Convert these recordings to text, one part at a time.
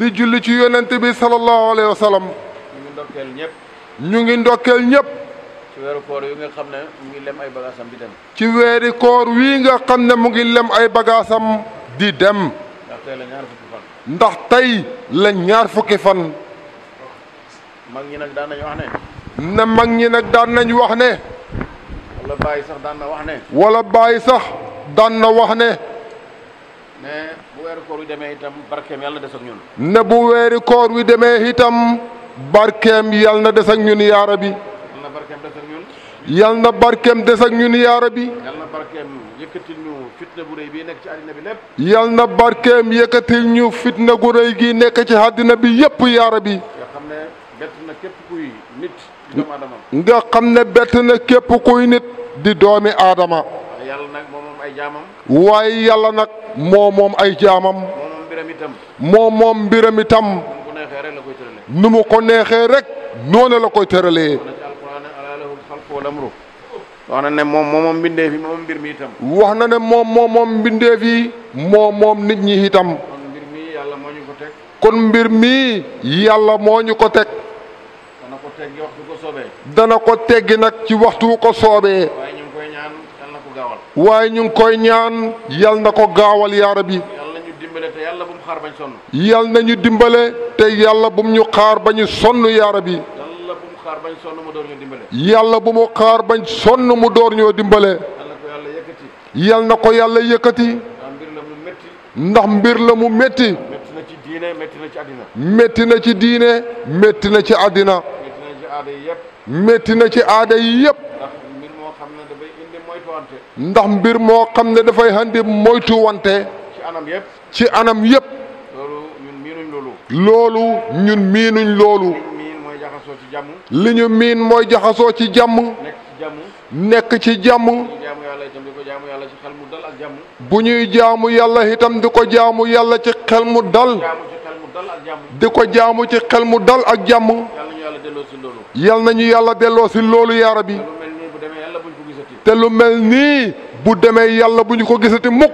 bi julli ci yonent bi sallallahu alayhi wa sallam. ñu ngi ndokkeel ñépp ñu ngi ndokkeel ñëpp. ci nga xam ne mu ngi lem ay bagaasam di dem. ci weeri koor wii nga xam ne mu ngi lem ay bagaasam di dem. ndax tey lañ ñaar fukki fan. mag ñi nag daan nañu ne. mag ñi nag daan nañu wax ne. wala bàyyi sax daan na wax ne. wala bàyyi sax daan na wax ne. weeru koor wi demee itam barkeem yàlla na des ak ñun. ne weeri koor wi demee itam barkeem yàlla na des ak ñun yaara bi. yàlla na barkeem des ñun. na barkeem des ak ñun yaara bi. yàlla na barkeem yëkkatil ñu fitna gu bi nekk ci bi lépp. yàlla na barkeem yëkkatil ñu fitna gu gi nekk ci àddina bi yépp yaara bi. nga xam ne bett na képp kuy nit di doomi aadama. waaye yàlla nag moo moom ay jaamam moo moom mbiram itam nu mu ko neexee rek noonu la koy tëralee wax na ne moom moom mbindee wax na ne moom moom mbindee fi moom moom nit ñi itam. kon mbir mi ko kon mbir mi yàlla moo ñu ko teg. dana ko teggi waxtu ci waxtu ko soobee. waaye ñu ngi koy ñaan yal na ko gaawal yaa rabbi yal na ñu dimbale te yàlla bum ñu xaar sonn ba ñu sonn yaa rabbi yàlla bu mu xaar bañ sonn mu door ñoo dimbale yal na ko yàlla yëkkati ndax mbir la mu métti métti na ci diine métti na ci àddina métti na ci aada yi yépp ndax mbir moo xam ne dafay handi moytu wante. ci anam yëpp. ci anam yëpp. loolu ñun miinuñ loolu. loolu ñun miinuñ loolu. li ñu miin mooy jaxasoo ci jàmm. nekk ci jàmm. nekk ci jàmm. bu ñuy jaamu yàlla itam di ko jaamu yàlla ci xel mu dal. di ko jaamu ci xel mu dal ak jàmm. yal nañu yàlla delloo si loolu yaara bi. te lu mel nii bu demee yàlla bu ñu ko gisati mukk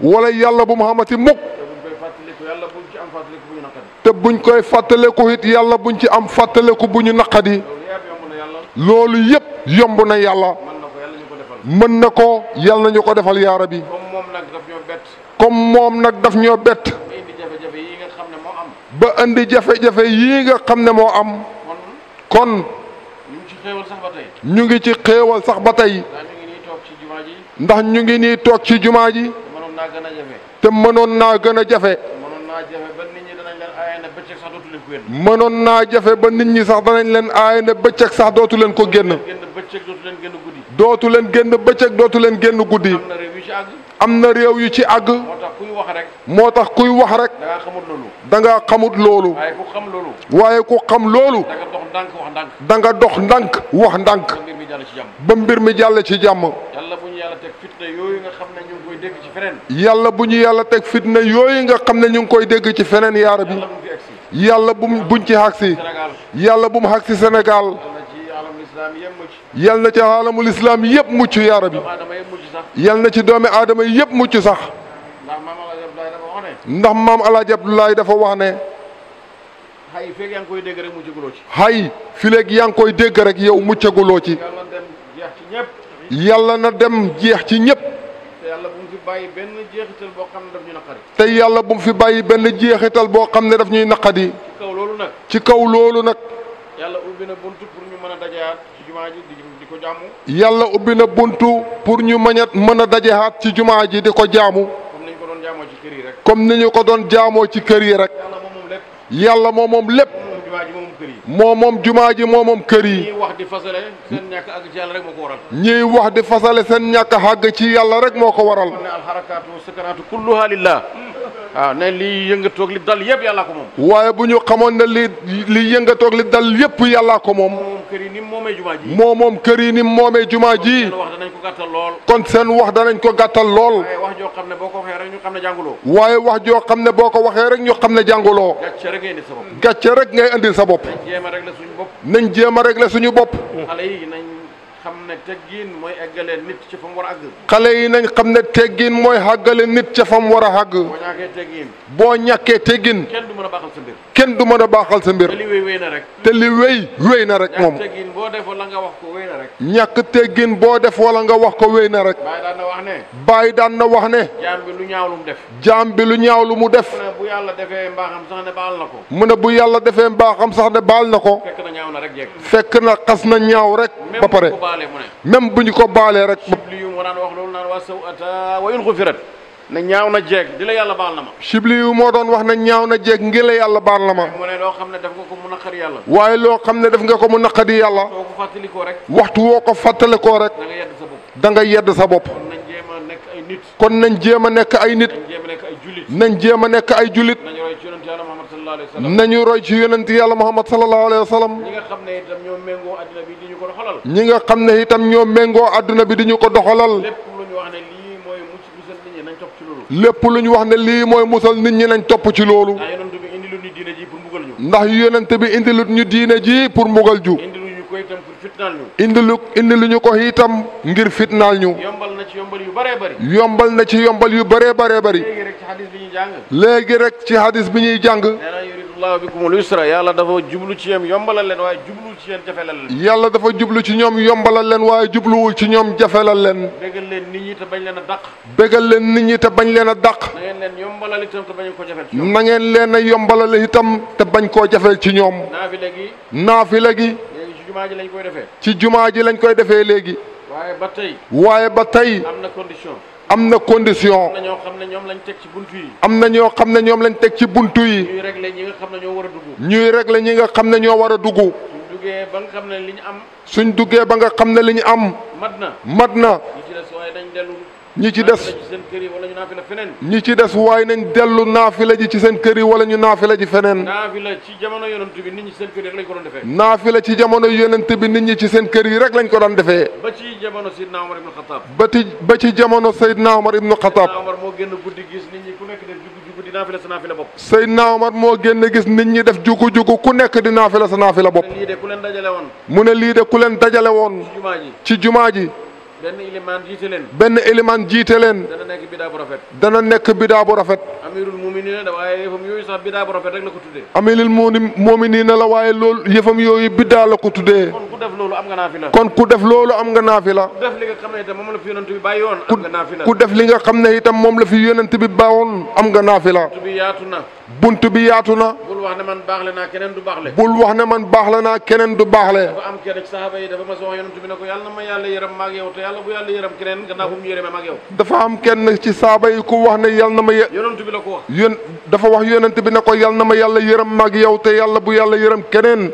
wala yàlla bu mu xamati mukk te buñ koy fàttaleku it yàlla buñ ci am fàttaleku bu ñu naqadi loolu yépp yomb na yàlla mën na ko yàlla nañu ko defal yaara bi comme moom nag daf ñoo bett ba indi jafe-jafe yii nga xam ne moo am kon ñu ngi ci xéewal sax ba tey. ndax ñu ngi nii toog ci jumaa ji. te mënoon naa gën a jafe. mënoon naa jafe ba nit ñi sax danañ leen aaye ne bëccëg sax dootu leen ko génn. dootu leen génn bëccëg dootu leen génn guddi. am na réew yu ci àgg. kuy wax rek. moo tax kuy wax rek. da ngaa xamut loolu. xamut loolu. waaye ku xam loolu. waaye ku xam loolu. da dox ndànk wax ndànk. da ba mbir mi jàll ci jàmm. yàlla bu ñu yàlla teg fitna yooyu nga xam ne ñu ngi koy dégg ci feneen. yooyu nga xam ne ñu ngi koy dégg ci feneen yaara bi. yàlla bu mu buñ ci xag yàlla bu mu xag senegal yàlla yal na ci aalamul islaam yëpp mucc yaara bi yal na ci doomi aadama yëpp mucc sax ndax maam El Hadj Abdoulaye dafa wax ne. xay fii yaa ngi koy dégg rek léegi yaa koy dégg rek yow muccaguloo ci. yàlla na dem jeex ci ñëpp. yàlla na dem jeex ci ñëpp. te yàlla bu mu fi bàyyi benn jeexital boo xam ne daf ñuy yàlla bu mu fi bàyyi benn jeexital boo xam ne daf ñuy naqadi. ci kaw loolu nag. ci kaw loolu nag. yàlla ubbi na buntu pour ñu mën a dajaat ci yàlla ubbi na buntu pour ñu mën a mën a dajaat ci jumaa ji di ko jaamu. comme ni ñu ko doon jaamoo ci kër yi rek yàlla moom moom lépp moom moom jumaa ji moom moom kër yi ñiy wax di fasale seen ñàkk àgg ci yàlla rek moo ko waral. ñiy wax di fasale seen ñàkk àgg ci yàlla rek moo ko waral. alxarakaatu sakanaatu kulluha lillah waaw ne lii li dal yëpp yàllaa ko moom. waaye bu ñu xamoon ne lii lii yëngatoog li dal yëpp yàllaa ko moom. kër yi ni moomee jumaa ji. moo moom kër yi ni moomee jumaa ji. kon seen wax danañ ko gàttal lool. kon seen wax danañ ko gàttal lool. waaye wax joo xam ne boo ko waxee rek ñu xam ne jànguloo. rek ñu xam ne jànguloo. gàcce rek ngay indil sa bopp. gàcce rek sa bopp. nañ jéem a régler suñu bopp. nañ a régler suñu bopp. xam ne teggin mooy eggale nit ca fa mu àgg. xale yi nañ xam ne teggin mooy àggale nit ca fa mu war a àgg. boo ñàkkee teggin. boo ñàkkee teggin. kenn du mën a baaxal sa mbir. kenn du mën a baaxal sa mbir. te li wéy wéy na rek. te li wéy wéy na rek moom. def wala nga wax ko wéy rek. ñàkk teggin boo def wala nga wax ko wéy na rek. Baay daan na wax ne. Baay daan na wax ne. jaam bi lu ñaaw lu mu def. jaam bi lu ñaaw lu mu def. bu yàlla defee mbaaxam sax ne baal na ko. mu ne bu yàlla defee mbaaxam sax ne baal na ko. fekk na rek jekk. fekk na xas na ñaaw rek. ba pare même bu ñu ko baalee bu ñu ko baalee rek. sibli yu mu wax loolu naan waa saw ata wa in xufirat ne ñaaw na jeeg di yàlla baal na ma. yu moo doon wax ne ñaaw na jeeg ngi la yàlla baal na ma. loo xam ne def nga ko mu naqari yàlla. waaye loo xam ne def nga ko mu naqari yàlla. rek. waxtu woo ko fàttalikoo rek. da nga yedd sa bopp. kon nañ jéem a nekk ay nit. nañ jéem a nekk ay nit. nañu roy ci yonent yàlla mu sallallahu alayhi wa sallam. xam ne itam ñoo méngoo adduna bi di ñu ko doxalal. ñi nga xam ne itam ñoo méngoo adduna bi di ko doxalal. lépp lépp lu ñu wax ne lii mooy musal nit ñi nañ topp ci loolu. ndax yonent bi indilut ñu diine ji pour mbugal ju. indilu indilu ñu ko itam ngir fitnaal ñu. yombal na ci yombal yu bëree bëri. yombal na ci yombal yu bëree bëri. léegi rek ci hadis bi ñuy jàng. yuridillahu bikumul yusra yàlla dafa jublu ci yéen yombalal leen waaye jubluwul ci yéen jafelal leen. yàlla dafa jublu ci ñoom yombalal leen waaye jubluwul ci ñoom jafelal leen. bégal leen nit ñi te bañ leen a dàq. bégal leen nit ñi te bañ leen a dàq. na ngeen leen yombalal itam te bañ koo jafeel ci ñoom. na leen a yombalal itam te bañ koo jafeel ci ñoom. naafila gi. naafila gi. léegi ci jumaa ji lañ koy defee. ci jumaa ji lañ koy defee léegi. waaye ba tey. waaye ba tey. am na condition. am na condition am na ñoo xam ne ñoom lañ teg ci buntu yi. am na ñoo xam ne ñoom lañ teg ci buntu yi. ñuy régler ñi xam ne war a dugg. ñuy régler ñi nga xam ne ñoo war a duggu suñ duggee ba nga xam ne li ñu am. suñ duggee ba nga xam ne li ñu am. mat na mat na. ñi ci des ñi ci des waaye nañ dellu naafila ji ci seen kër yi wala ñu naafila ji feneen. naafila ci jamono yonent bi nit ñi seen kër yi rek lañ ko doon defee. naafila ci jamono yonent bi nit ñi ci seen kër yi rek lañ ko doon defee. ba ci jamono Seydina Omar Ibn Khattab. ba ci ba ci jamono Seydina Omar Ibn Khattab. Seydina Omar moo génn guddi gis nit ñi ku nekk def jugu-jugu di moo génn gis nit ñi def jugu-jugu ku nekk di naafila sa naafila bopp. mu ne lii leen dajale woon. mu ne lii de ku leen dajale woon. ci jumaa ji benn ilimaan jiite leen. benn ilimaan jiite leen. dana nekk bidaa bu rafet. dana nekk bidaa bu rafet. amirul muminina la waaye yëfam yooyu sax bidaa bu rafet rek la ko tuddee. amirul la waaye loolu yëfam yooyu bidaa la ko tuddee. kon ku def loolu am nga naafi kon ku def loolu am nga naafi la. ku li nga xam ne itam moom la fi yonent bi bàyyi woon am nga naafi li nga xam ne itam moom la fi yonent bi bàyyi woon am nga naafi la. bi na. bunt bi yaatu na. bul wax ne man baax la naa keneen du baax le. bul wax ne man baax la naa keneen du baax le. dafa am kenn ci dafa ma soxla yonent ne ko yàlla na ma yàlla yërëm ma ak bu yàlla yërëm keneen gannaaw bu mu yërëmee am kenn ci saxaaba yi ku wax ne yàlla na ma. yonent bi ko wax. yón dafa wax yonent bi ne ko yal na ma yàlla yërëm mag ak te yàlla bu yàlla yërëm keneen.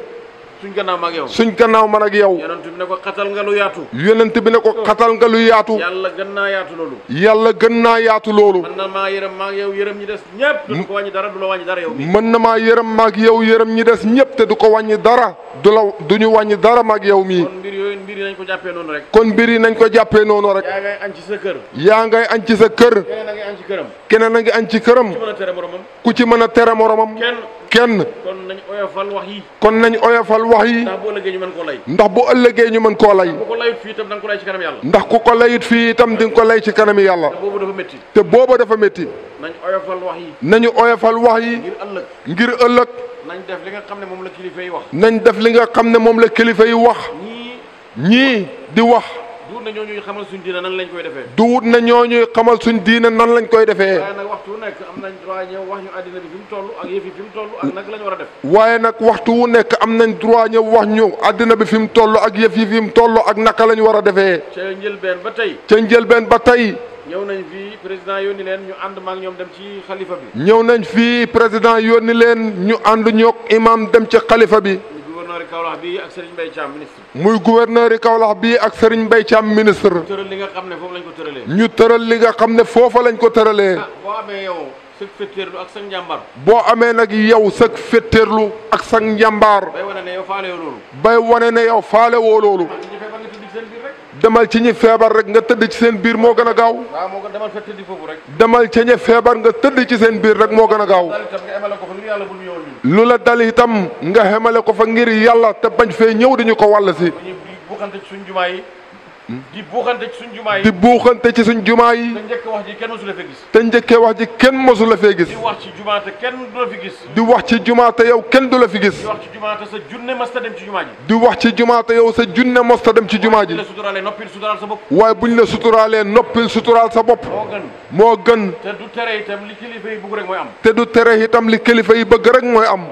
suñ gannaaw man ak yow. suñ gannaaw man ak yow. yonent bi ne ko xatal nga lu yaatu. bi ne ko xatal nga lu yaatu. yàlla gën naa yaatu loolu. yàlla gën naa yaatu loolu. mën na maa yërëm maa ak yërëm ñi des ñëpp. te du ko wàññi dara du la wàññi dara yow. mën na ñi des ñëpp te du ko wàññi dara du du ñu wàññi dara maa ak yow mii. kon mbir yooyu mbir yi nañ ko jàppee noonu rek. kon mbir yi nañ ko jàppee noonu rek. yaa ngay añ ci sa kër. yaa ngay añ sa kër. keneen a ngi añ ci a ngi añ ci këram. ku ci mën a tere kenn. kon nañ oyofal wax yi. kon nañ oyofal wax yi. ndax bu ëllëgee ñu mën koo lay. ndax bu ëllëgee ñu mën koo lay. ku ko layut fii itam da nga ko lay ci kanam yàlla. ndax ku ko layut fii itam di nga ko lay ci kanam yàlla. te boobu dafa métti. te boobu dafa métti. nañ oyofal wax yi. nañu oyofal wax yi. ngir ëllëg ngir ëllëg. nañ def li nga xam ne moom la kilifa yi wax. nañ def li nga xam ne moom la kilifa yi wax. ñii di wax duut na ñoo ñuy xamal suñ diina nan lañ koy defee. duut na ñoo ñuy xamal suñ diina nan lañ koy defee. waaye nag waxtu wu nekk am nañ droit ñëw wax ñu àddina bi fi mu ak yëf yi fi mu toll ak naka lañ war a def. waaye nag waxtu wu nekk am nañ droit ñëw wax ñu àddina bi fi mu toll ak yëf yi fi mu toll ak naka lañ war a defee. ca njëlbeen ba tey. ca njëlbeen ba tey. ñëw nañ fii président yónni leen ñu ànd maak ñoom dem ci xalifa bi. ñëw nañ fii président yónni leen ñu ànd ñoog imam dem ci xalifa bi gouverneur Kaolack bii ak Serigne Mbaye Thiam ministre. muy gouverneur Kaolack bii ak Serigne Mbaye Thiam ministre. ñu tëral li nga xam ne foofu lañ ko tëralee. ñu tëral li nga xam ne foofa lañ ko tëralee. ah boo amee yow ak sa njàmbaar. boo amee nag yow sëg fetteerlu ak sa njàmbaar. bay wane na yow faale woo loolu. bay yow faale woo demal ci ñi feebar rek nga tëdd ci seen biir moo gën a gaaw. waaw moo gën demal rek. demal ci ñi feebar nga tëdd ci seen biir rek moo gën a gaaw. lu la dal itam nga xemale ko fa ngir yàlla te bañ fee ñëw diñu ko wàll si buxante suñ jumaa yi di buuxante ci suñ jumaa yi di buuxante ci te njëkkee wax ji kenn mosu la fee gis. wax ji kenn mosu la fee gis. di wax ci jumaa te kenn du la fi gis. di wax ci jumaa te yow sa junne mos dem ci jumaa ji. di wax ci jumaa te yow dem ci jumaa ji. waaye buñ la suturaalee noppil suturaal sa bopp. waaye buñ la suturaalee noppil suturaal sa bopp. moo gën moo te du tere itam li kilifa yi bëgg rek mooy am. te du tere itam li kilifa yi bëgg rek mooy am.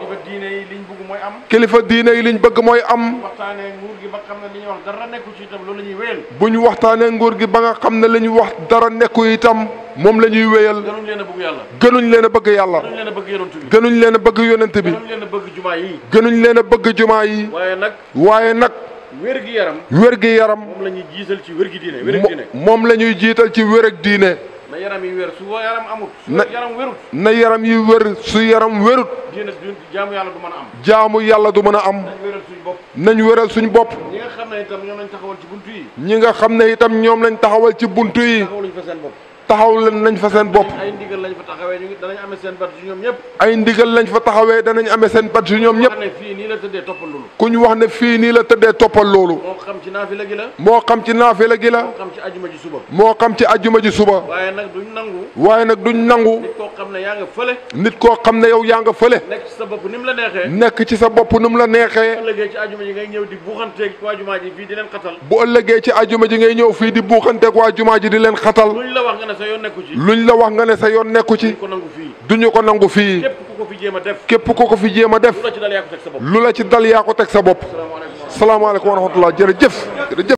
kilifa diine yi liñ bëgg mooy am. bu ñu waxtaanee nguur gi ba nga xam ne li ñu wax dara nekku itam moom la ñuy wéyal. gënuñ leen a bëgg yàlla. gënuñ leen a bëgg yàlla. gënuñ leen bëgg yonent bi. gënuñ leen a bëgg jumaa yi. gënuñ leen a bëgg jumaa yi. waaye nag. waaye nag. wér gi yaram. wér yaram. moom la jiital ci wér gi diine. moom la ñuy jiital ci wér ak diine. na yaram yi wér su yaram amut. na yaram wérut. na yaram yi wér su yaram wérut. diine jaamu yàlla du mën a am. jaamu yàlla du mën a am. nañ wéral suñ bopp. nañ bopp. ñi nga xam ne itam ñoom lañ taxawal ci buntu yi. ñi nga xam ne itam ñoom lañ taxawal ci bunt yi. taxawaluñ fa seen bopp. taxaw leen nañ fa seen bopp. ay ndigal lañ fa taxawee danañ amee seen bat ñoom ñëpp. ay ndigal lañ fa taxawee danañ amee seen bat wax ne fii nii la tëddee toppal loolu. ku ñu moo xam ci naafila gi la. moo xam ci moo xam ci ajuma ji suba. moo xam ci ajuma ji suba. waaye nag duñ nangu. waaye nag duñ nangu. nit koo xam ne yaa nga koo xam ne yow yaa nga fële. nekk ci sa bopp ni la neexee. nekk ci sa bopp la neexee. bu ëllëgee ci ajuma ji ngay ñëw di buuxanteeg waa jumaa ji fii di leen xatal. bu ëllëgee ci ajuma ji ngay ñëw fii di buuxanteeg waa jumaa ji di leen xatal. wax nga ne sa yoon nekku ci wax nga sa yoon nekku ci duñu ko nangu fii képp ku ko fi jéem a def képp ku ko fi jéem a def lu la ci dal yaa ko teg sa bopp a wa rahmatullah jërëjëf jërëjëf